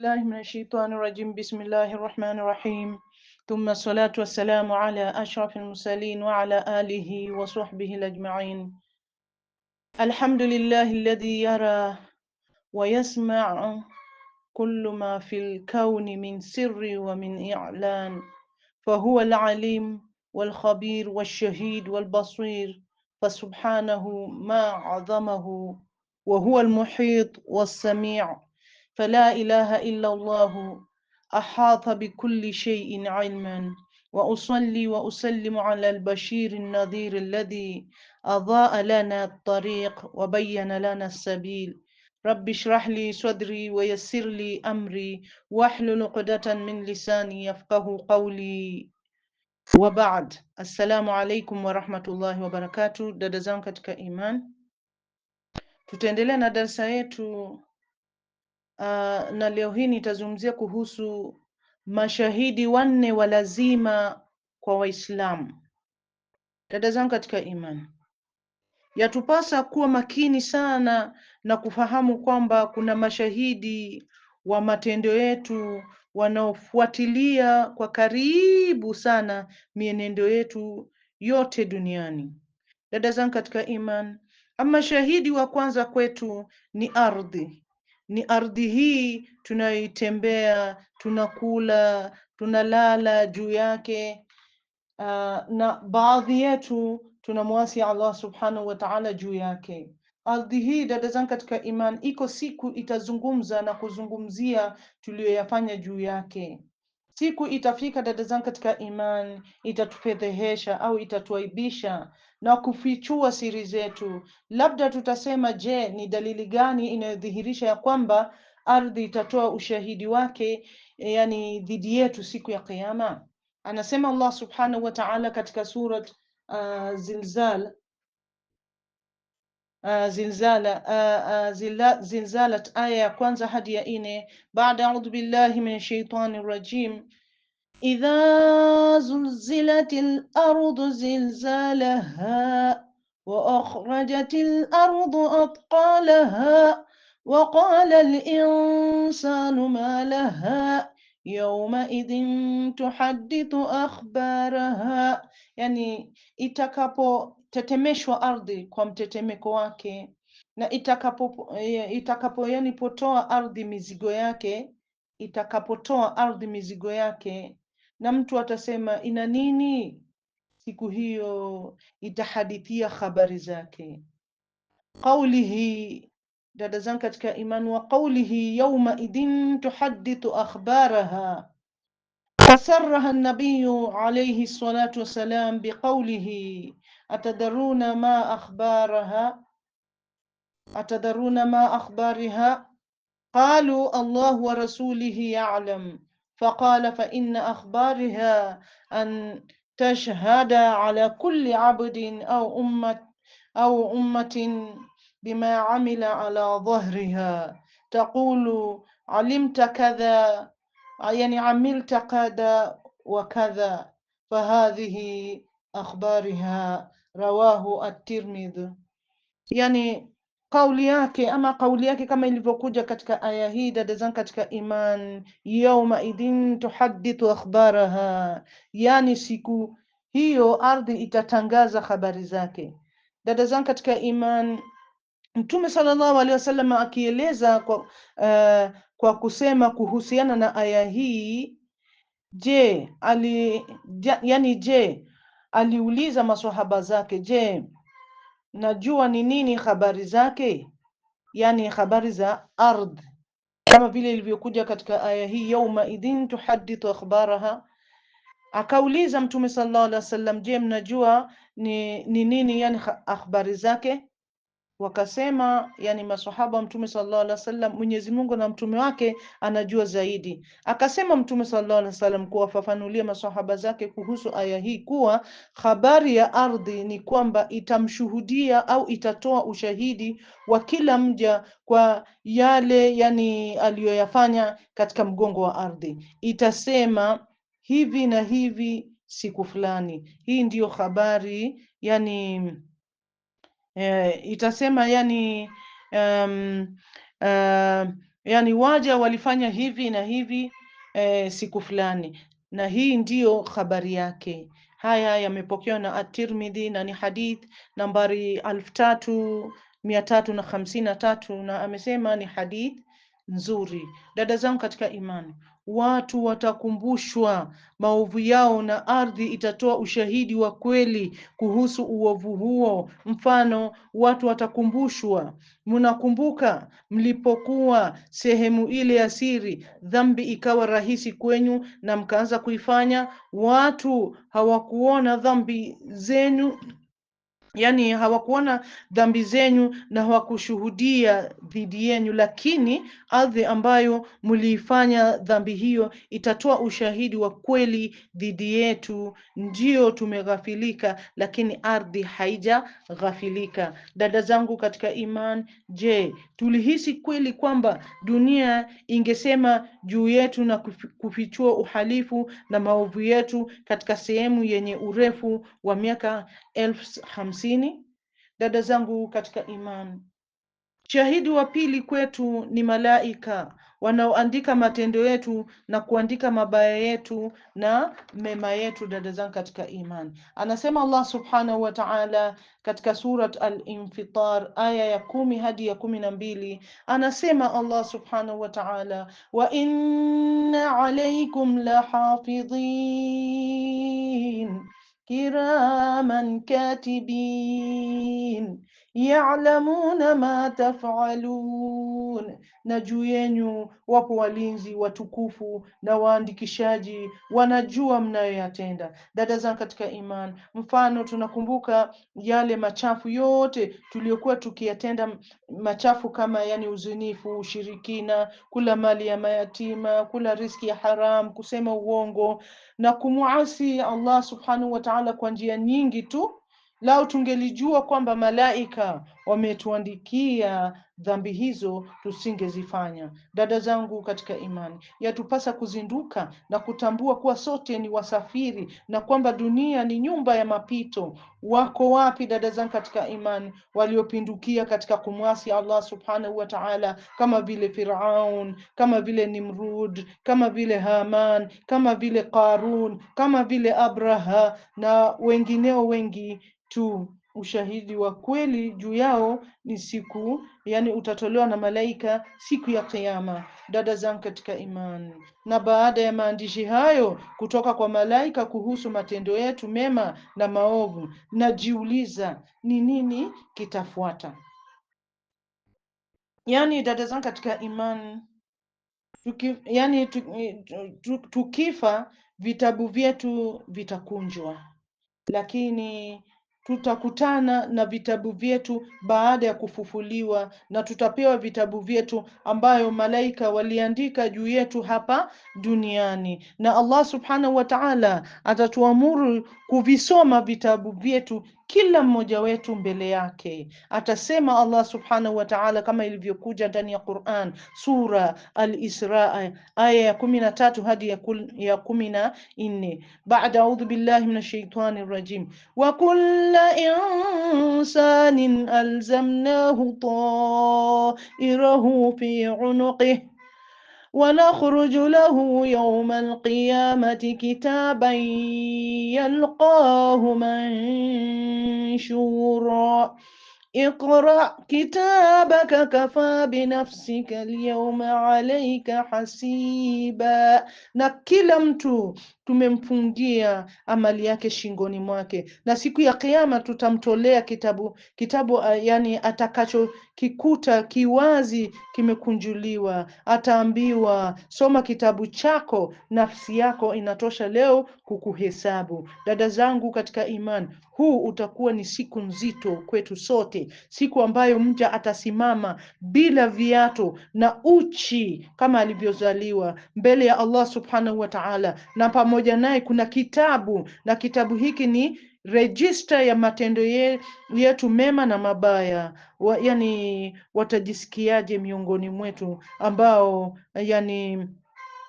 الله من الشيطان الرجيم بسم الله الرحمن الرحيم ثم الصلاة والسلام على أشرف المرسلين وعلى آله وصحبه الأجمعين الحمد لله الذي يرى ويسمع كل ما في الكون من سر ومن إعلان فهو العليم والخبير والشهيد والبصير فسبحانه ما عظمه وهو المحيط والسميع فلا إله إلا الله أحاط بكل شيء علما وأصلي وأسلم على البشير النذير الذي أضاء لنا الطريق وبين لنا السبيل رب اشرح لي صدري ويسر لي أمري واحلل عقدة من لساني يفقه قولي وبعد السلام عليكم ورحمة الله وبركاته دادزان كتك إيمان تتندلنا tutaendelea na Uh, na leo hii nitazungumzia kuhusu mashahidi wanne wa lazima kwa Waislamu. Dada zangu katika imani, yatupasa kuwa makini sana na kufahamu kwamba kuna mashahidi wa matendo yetu wanaofuatilia kwa karibu sana mienendo yetu yote duniani. Dada zangu katika imani, ama shahidi wa kwanza kwetu ni ardhi ni ardhi hii tunayoitembea, tunakula, tunalala juu yake. Uh, na baadhi yetu tunamwasi Allah subhanahu wa ta'ala juu yake. Ardhi hii dada zangu katika iman, iko siku itazungumza na kuzungumzia tuliyoyafanya juu yake. Siku itafika dada zangu katika imani, itatufedhehesha au itatuaibisha na kufichua siri zetu. Labda tutasema, je, ni dalili gani inayodhihirisha ya kwamba ardhi itatoa ushahidi wake, yani dhidi yetu siku ya Kiyama? Anasema Allah subhanahu wa ta'ala katika surat uh, Zilzal آه، آه، آه، زلزال زلزالة آية كونزا kwanza إني بعد أعوذ بالله من الشيطان الرجيم إذا زلزلت الأرض زلزالها وأخرجت الأرض أثقالها وقال الإنسان ما لها يومئذ تحدث أخبارها يعني إتكابو tatemeshwa ardhi kwa mtetemeko wake, na itakapo eh, itakapo yani potoa ardhi mizigo yake, itakapotoa ardhi mizigo yake, na mtu atasema ina nini? Siku hiyo itahadithia habari zake. Qaulihi, dada zangu katika imani, wa qaulihi yauma idin tuhaddithu akhbaraha fasaraha nabiyu alayhi salatu wassalam biqaulihi أتدرون ما أخبارها أتدرون ما أخبارها قالوا الله ورسوله يعلم فقال فإن أخبارها أن تشهد على كل عبد أو أمة أو أمة بما عمل على ظهرها تقول علمت كذا يعني عملت كذا وكذا فهذه akhbariha rawahu at-Tirmidhi. Yani kauli yake ama kauli yake kama ilivyokuja katika aya hii, dada zangu katika iman, yauma idin tuhadithu akhbaraha, yani siku hiyo ardhi itatangaza habari zake. Dada zangu katika iman, Mtume sallallahu alaihi wasallam akieleza kwa, uh, kwa kusema kuhusiana na aya hii, je ali, ja, yani je aliuliza maswahaba zake, je, najua ni nini habari zake? yani habari za ardhi, kama vile ilivyokuja katika aya hii, yauma idhin tuhadithu akhbaraha. Akauliza Mtume sallallahu alaihi wasallam, je, mnajua ni nini yani akhbari zake? Wakasema yani maswahaba Mtume sallallahu alaihi wasallam, Mwenyezi Mungu na mtume wake anajua zaidi. Akasema Mtume sallallahu alaihi wasallam kuwafafanulia maswahaba zake kuhusu aya hii kuwa habari ya ardhi ni kwamba itamshuhudia au itatoa ushahidi wa kila mja kwa yale yani aliyoyafanya katika mgongo wa ardhi, itasema hivi na hivi siku fulani. Hii ndiyo habari yani eh, itasema yani um, uh, yani waja walifanya hivi na hivi eh, siku fulani, na hii ndiyo habari yake. Haya yamepokewa na At-Tirmidhi na ni hadith nambari alfu tatu mia tatu na hamsini na tatu na amesema ni hadith nzuri. Dada zangu katika imani, watu watakumbushwa maovu yao na ardhi itatoa ushahidi wa kweli kuhusu uovu huo. Mfano, watu watakumbushwa, mnakumbuka mlipokuwa sehemu ile ya siri, dhambi ikawa rahisi kwenyu na mkaanza kuifanya, watu hawakuona dhambi zenu yani hawakuona dhambi zenyu na hawakushuhudia dhidi yenu, lakini ardhi ambayo mliifanya dhambi hiyo itatoa ushahidi wa kweli dhidi yetu. ndio tumeghafilika, lakini ardhi haijaghafilika. Dada zangu katika iman, je, tulihisi kweli kwamba dunia ingesema juu yetu na kufichua uhalifu na maovu yetu katika sehemu yenye urefu wa miaka elfu hamsini hamsini. Dada zangu katika imani, shahidi wa pili kwetu ni malaika wanaoandika matendo yetu na kuandika mabaya yetu na mema yetu. Dada zangu katika imani, anasema Allah subhanahu wa ta'ala katika Surat Al-Infitar aya ya kumi hadi ya kumi na mbili anasema Allah subhanahu wa ta'ala, wa inna alaykum lahafidhin كراما كاتبين ya'lamuna ma taf'alun, na juu yenyu wapo walinzi watukufu na waandikishaji wanajua mnayoyatenda. Dada zangu katika iman, mfano tunakumbuka yale machafu yote tuliyokuwa tukiyatenda, machafu kama yani uzinifu, ushirikina, kula mali ya mayatima, kula riski ya haram, kusema uongo na kumuasi Allah subhanahu wa ta'ala kwa njia nyingi tu Lau tungelijua kwamba malaika wametuandikia dhambi hizo tusingezifanya. Dada zangu katika imani, yatupasa kuzinduka na kutambua kuwa sote ni wasafiri na kwamba dunia ni nyumba ya mapito. Wako wapi dada zangu katika imani waliopindukia katika kumwasi Allah subhanahu wa ta'ala, kama vile Firaun, kama vile Nimrud, kama vile Haman, kama vile Qarun, kama vile Abraha na wengineo wengi tu ushahidi wa kweli juu yao ni siku yani utatolewa na malaika siku ya Kiyama. Dada zangu katika imani, na baada ya maandishi hayo kutoka kwa malaika kuhusu matendo yetu mema na maovu, najiuliza ni nini kitafuata? Yani dada zangu katika imani, tuki, yani tukifa vitabu vyetu vitakunjwa, lakini tutakutana na vitabu vyetu baada ya kufufuliwa, na tutapewa vitabu vyetu ambayo malaika waliandika juu yetu hapa duniani. Na Allah subhanahu wa ta'ala atatuamuru kuvisoma vitabu vyetu kila mmoja wetu mbele yake. Atasema Allah subhanahu wa ta'ala, kama ilivyokuja ndani ya Quran sura Al-Isra aya ya kumi na tatu hadi ya kumi na nne baada audhu billahi minash shaitani rajim, wa kulla insanin alzamnahu ta'irahu fi unuqihi ونخرج له يوم القيامة كتابا يلقاه منشورا اقرأ كتابك كفى بنفسك اليوم عليك حسيبا نكلمت tumemfungia amali yake shingoni mwake, na siku ya Kiyama tutamtolea kitabu kitabu, uh, yani atakachokikuta kiwazi kimekunjuliwa. Ataambiwa, soma kitabu chako, nafsi yako inatosha leo kukuhesabu. Dada zangu katika imani, huu utakuwa ni siku nzito kwetu sote, siku ambayo mja atasimama bila viatu na uchi kama alivyozaliwa mbele ya Allah subhanahu wa ta'ala na pamoja pamoja naye kuna kitabu, na kitabu hiki ni rejista ya matendo yetu mema na mabaya. Wa, yani watajisikiaje miongoni mwetu ambao yani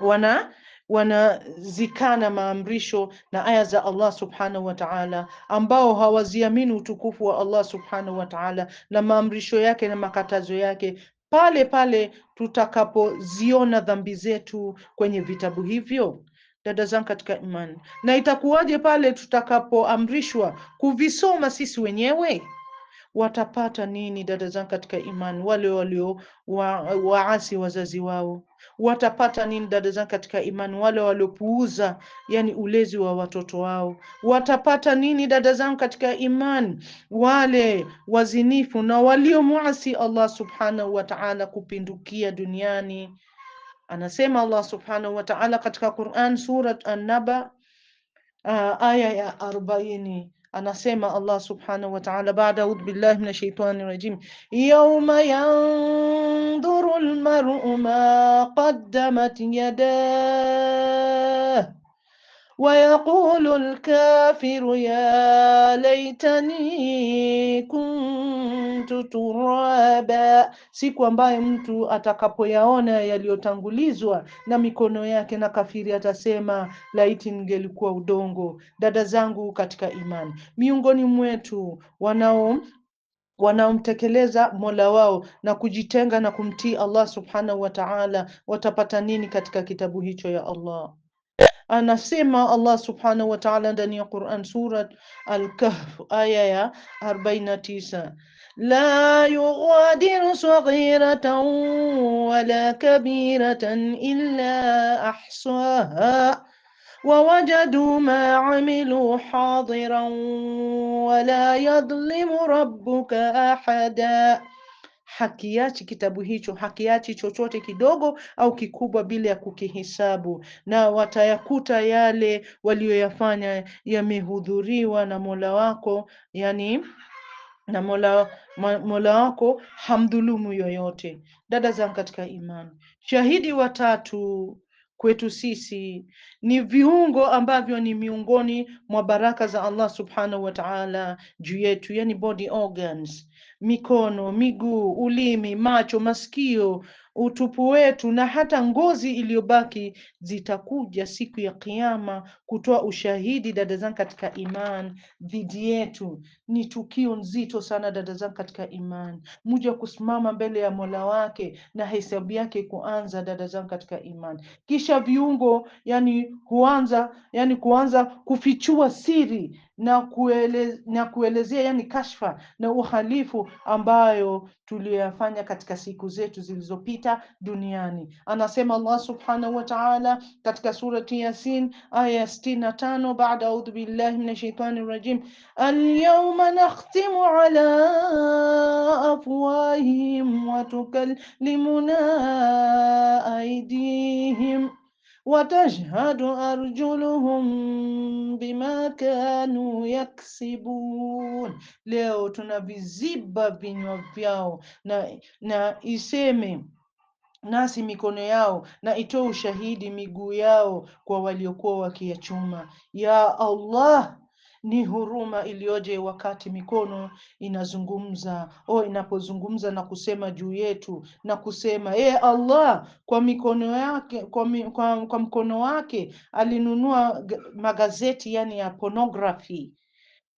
wana wanazikana maamrisho na aya za Allah subhanahu wa ta'ala, ambao hawaziamini utukufu wa Allah subhanahu wa ta'ala na maamrisho yake na makatazo yake pale pale tutakapoziona dhambi zetu kwenye vitabu hivyo dada zangu katika imani, na itakuwaje pale tutakapoamrishwa kuvisoma sisi wenyewe? Watapata nini dada zangu katika imani, wale walio wa, waasi wazazi wao? Watapata nini dada zangu katika imani, wale waliopuuza yani ulezi wa watoto wao? Watapata nini dada zangu katika imani, wale wazinifu na muasi Allah subhanahu wa ta'ala kupindukia duniani? Anasema Allah subhanahu wa ta'ala katika Quran Surat An-Naba uh, aya ya arobaini anasema Allah subhanahu wa ta'ala baada audhu billahi minash shaitani rajim yawma yanzuru almar'u ma qaddamat yadah ويقول الكافر يا ليتني كنت kuntu turaba, siku ambaye mtu atakapoyaona yaliyotangulizwa na mikono yake na kafiri atasema laiti ningelikuwa udongo. Dada zangu katika imani, miongoni mwetu wanao wanaomtekeleza Mola wao na kujitenga na kumtii Allah subhanahu wa ta'ala watapata nini katika kitabu hicho ya Allah? Anasema Allah subhanahu wa ta'ala ndani ya Quran, Surat Al-Kahf aya ya 49 لا يغادر صغيرة ولا كبيرة إلا أحصاها ووجدوا ما عملوا حاضرا ولا يظلم ربك أحدا hakiachi kitabu hicho hakiachi chochote kidogo au kikubwa bila ya kukihisabu, na watayakuta yale waliyoyafanya yamehudhuriwa na Mola wako, yani na mola, mola wako hamdhulumu yoyote. Dada zangu katika imani, shahidi watatu kwetu sisi ni viungo ambavyo ni miongoni mwa baraka za Allah subhanahu wa ta'ala juu yetu, yani body organs mikono, miguu, ulimi, macho, masikio, utupu wetu na hata ngozi iliyobaki zitakuja siku ya Kiyama kutoa ushahidi, dada zangu katika iman, dhidi yetu. Ni tukio nzito sana, dada zangu katika iman, muja kusimama mbele ya Mola wake na hesabu yake kuanza, dada zangu katika iman. Kisha viungo yani huanza yani kuanza kufichua siri na, kuele, na kuelezea yani kashfa na uhalifu ambayo tuliyoyafanya katika siku zetu zilizopita duniani. Anasema Allah subhanahu wa ta'ala katika surati Yasin aya ya sitini na tano baada audhu billahi min shaitani rajim, alyawma nakhtimu ala afwahihim wa tukallimuna aidihim وتشهد arjuluhum bima كانوا yaksibun. Leo tunaviziba vinywa vyao na, na iseme nasi mikono yao na itoe ushahidi miguu yao kwa waliokuwa wakiyachuma. Ya Allah ni huruma iliyoje wakati mikono inazungumza o, inapozungumza na kusema juu yetu na kusema e, Allah kwa mikono yake kwa, mi, kwa, kwa mkono wake alinunua magazeti yani ya pornography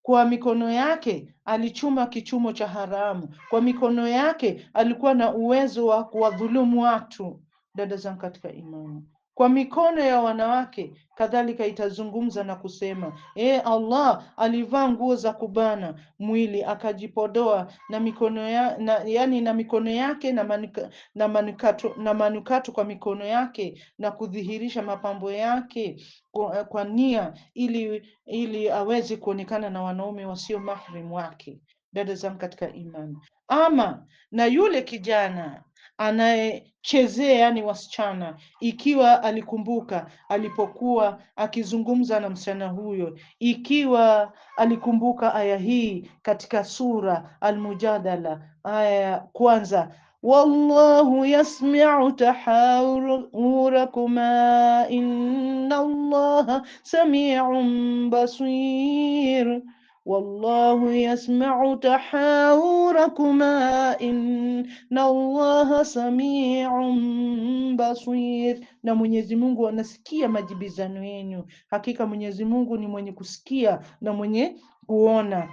kwa mikono yake alichuma kichumo cha haramu, kwa mikono yake alikuwa na uwezo wa kuwadhulumu watu. Dada zangu katika imani, kwa mikono ya wanawake. Kadhalika itazungumza na kusema, e Allah alivaa nguo za kubana mwili akajipodoa na mikono ya, na, yani na mikono yake na, manuka, na, manukatu, na manukatu kwa mikono yake na kudhihirisha mapambo yake kwa, kwa nia ili, ili aweze kuonekana na wanaume wasio mahrim wake. Dada zangu katika imani, ama na yule kijana anayechezea ni wasichana, ikiwa alikumbuka alipokuwa akizungumza na msichana huyo, ikiwa alikumbuka aya hii katika sura Almujadala aya ya kwanza Wallahu yasmiu tahawurakuma inna Allaha samiun basir والله yasmau تحاوركما إن الله سميع basir, na Mwenyezi Mungu anasikia majibizano yenu, hakika Mwenyezi Mungu ni mwenye kusikia na mwenye kuona.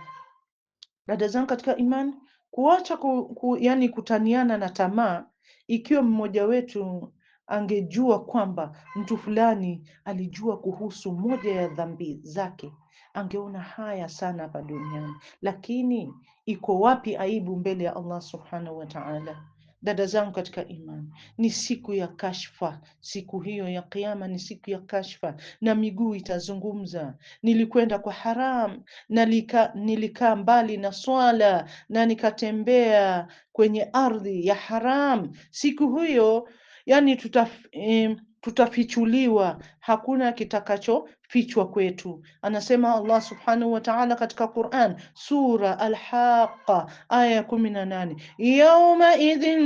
Dada zangu katika imani, kuacha ku, ku, yani kutaniana na tamaa, ikiwa mmoja wetu angejua kwamba mtu fulani alijua kuhusu moja ya dhambi zake, angeona haya sana hapa duniani. Lakini iko wapi aibu mbele ya Allah subhanahu wa ta'ala? Dada zangu katika imani, ni siku ya kashfa. Siku hiyo ya Kiyama ni siku ya kashfa, na miguu itazungumza. Nilikwenda kwa haram na nilikaa mbali na swala na nikatembea kwenye ardhi ya haram. Siku hiyo yani tutaf, um, tutafichuliwa, hakuna kitakachofichwa kwetu. Anasema Allah subhanahu wa ta'ala katika Quran sura Al-Haqqa aya ya kumi na nane yauma idhin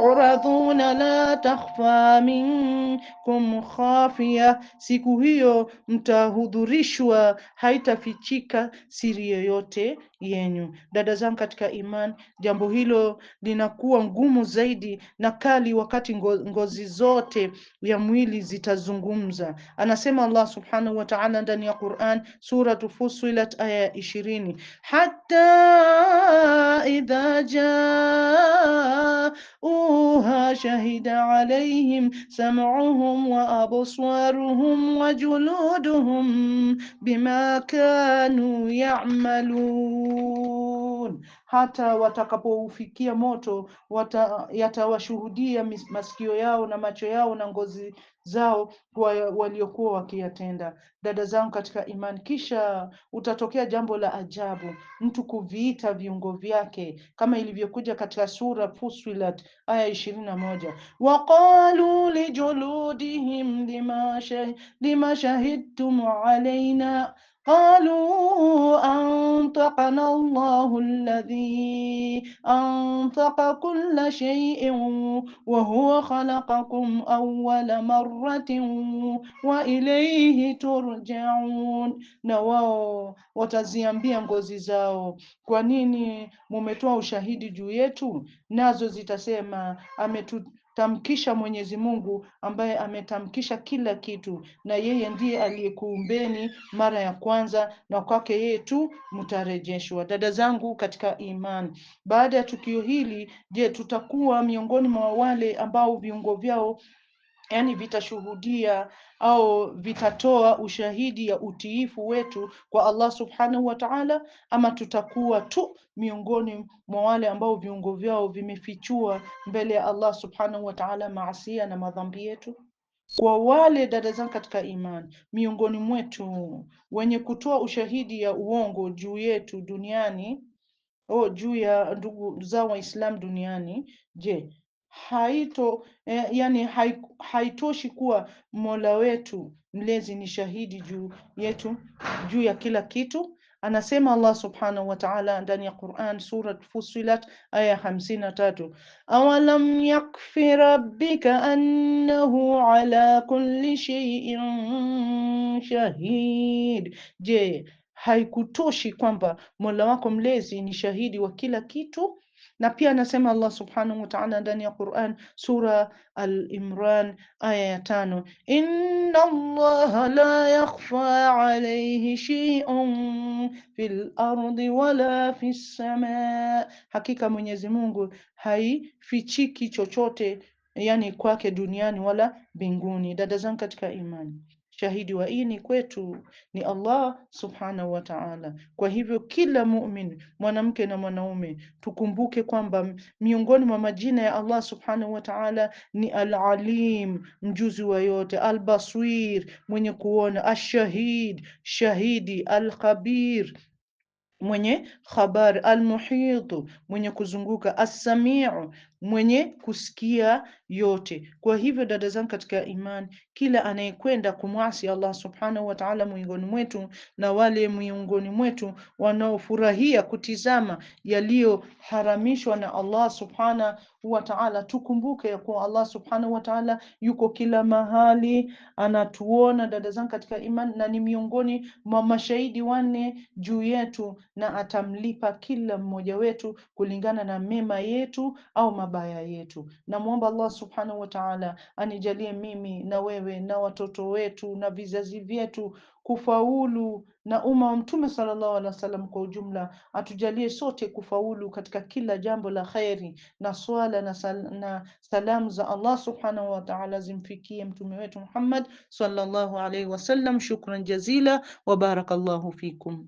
turadhuna la takhfa minkum khafia, siku hiyo mtahudhurishwa, haitafichika siri yoyote yenyu. Dada zangu katika iman, jambo hilo linakuwa ngumu zaidi na kali wakati ngozi zote ya mwili zitazungumza. Anasema Allah subhanahu wa ta'ala ndani ya Qur'an, suratu Fussilat aya ya ishirini hatta idha jaa رأوها شهد عليهم سمعهم وأبصارهم وجلودهم بما كانوا يعملون hata watakapoufikia moto wata, yatawashuhudia masikio yao na macho yao na ngozi zao waliokuwa wakiyatenda. Dada zangu katika imani, kisha utatokea jambo la ajabu, mtu kuviita viungo vyake kama ilivyokuja katika sura Fusilat aya ishirini na moja waqalu lijuludihim lima shahidtum alaina قالوا أنطقنا الله الذي أنطق كل شيء وهو خلقكم أول مرة وإليه turjaun, na wao wataziambia ngozi zao, kwa nini mumetoa ushahidi juu yetu? Nazo zitasema ametu tamkisha Mwenyezi Mungu ambaye ametamkisha kila kitu, na yeye ndiye aliyekuumbeni mara ya kwanza, na kwake yeye tu mtarejeshwa. Dada zangu katika imani, baada ya tukio hili, je, tutakuwa miongoni mwa wale ambao viungo vyao yani vitashuhudia au vitatoa ushahidi ya utiifu wetu kwa Allah subhanahu wa ta'ala, ama tutakuwa tu miongoni mwa wale ambao viungo vyao vimefichua mbele ya Allah subhanahu wa ta'ala maasia na madhambi yetu. Kwa wale dada zangu katika imani, miongoni mwetu wenye kutoa ushahidi ya uongo juu yetu duniani, oh, juu ya ndugu zao Waislamu duniani, je, haito eh, yani haitoshi kuwa Mola wetu mlezi ni shahidi juu yetu juu ya kila kitu. Anasema Allah subhanahu wa ta'ala ndani ya Quran Surat Fussilat aya hamsini na tatu awalam yakfi rabbika annahu ala kulli shay'in shahid, je, haikutoshi kwamba Mola wako mlezi ni shahidi wa kila kitu? Na pia anasema Allah subhanahu wa ta'ala ndani ya Qur'an, sura Al-Imran aya ya tano, inna Allah la yakhfa alayhi shay'un fil ardi wala fis samaa, hakika Mwenyezi Mungu haifichiki chochote yani kwake duniani wala mbinguni. Dada zangu katika imani shahidi wa ini kwetu ni Allah subhanahu wa ta'ala. Kwa hivyo kila mumin mwanamke na mwanaume tukumbuke kwamba miongoni mwa majina ya Allah subhanahu wa ta'ala ni Al-Alim, mjuzi wa yote, Al-Basir, mwenye kuona, Ash-Shahid, shahidi, Al-Khabir mwenye khabari, almuhitu mwenye kuzunguka, assamiu mwenye kusikia yote. Kwa hivyo dada zangu katika imani kila anayekwenda kumwasi Allah subhanahu wa ta'ala miongoni mwetu na wale miongoni mwetu wanaofurahia kutizama yaliyoharamishwa na Allah subhanahu wa ta'ala. Tukumbuke ya kuwa Allah subhanahu wa ta'ala yuko kila mahali, anatuona dada zangu katika iman, na ni miongoni mwa mashahidi wanne juu yetu, na atamlipa kila mmoja wetu kulingana na mema yetu au mabaya yetu. Namwomba Allah subhanahu wa ta'ala anijalie mimi na wewe wenyewe na watoto wetu na vizazi vyetu kufaulu na umma wa Mtume sallallahu alaihi wasallam kwa ujumla. Atujalie sote kufaulu katika kila jambo la kheri, na swala na, sal na salamu za Allah subhanahu wa ta'ala zimfikie mtume wetu Muhammad sallallahu alaihi wasallam. Shukran jazila wa barakallahu fikum.